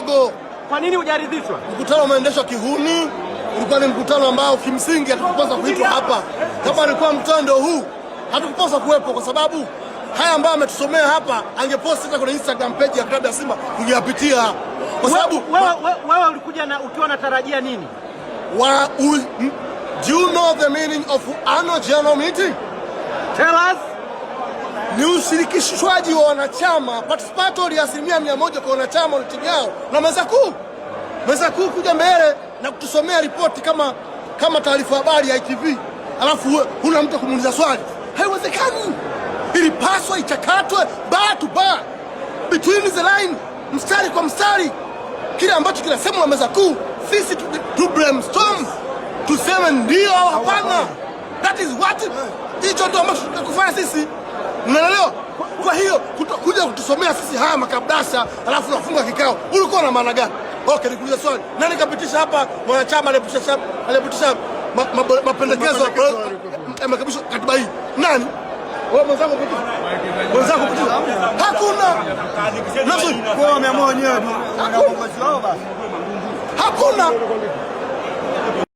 kidogo. Kwa nini hujaridhishwa? Mkutano umeendeshwa kihuni, ulikuwa ni mkutano ambao kimsingi hatukupaswa kuitwa hapa. Kama alikuwa mtando huu, hatukupaswa kuwepo kwa sababu haya ambayo ametusomea hapa, angeposti hata kwenye Instagram page ya klabu ya Simba kujiapitia, kwa sababu wewe ulikuja na ukiwa unatarajia nini? Wa, u, do you know the meaning of annual general meeting? Tell us ni ushirikishwaji wa wanachama participatory ya asilimia mia moja kwa wanachama wa timu yao na meza kuu, meza kuu kuja mbele na kutusomea ripoti kama, kama taarifa habari ya ITV, alafu huna mtu kumuuliza swali. Haiwezekani, ilipaswa ichakatwe bar to bar, between the line, mstari kwa mstari, kile ambacho kinasemwa meza kuu, sisi tu, tu brainstorm tuseme ndio au hapana. That is what hicho ndio ambacho tunakufanya sisi Unaelewa? Kwa hiyo kuja kutusomea sisi haya makabdasa alafu unafunga kikao, ulikuwa na maana gani? Okay, nikuuliza swali, nani kapitisha hapa mwanachama aliyepitisha mapendekezo ya eh, marekebisho katiba hii? Nani? Wewe Hakuna. Wameamua wenyewe, hakuna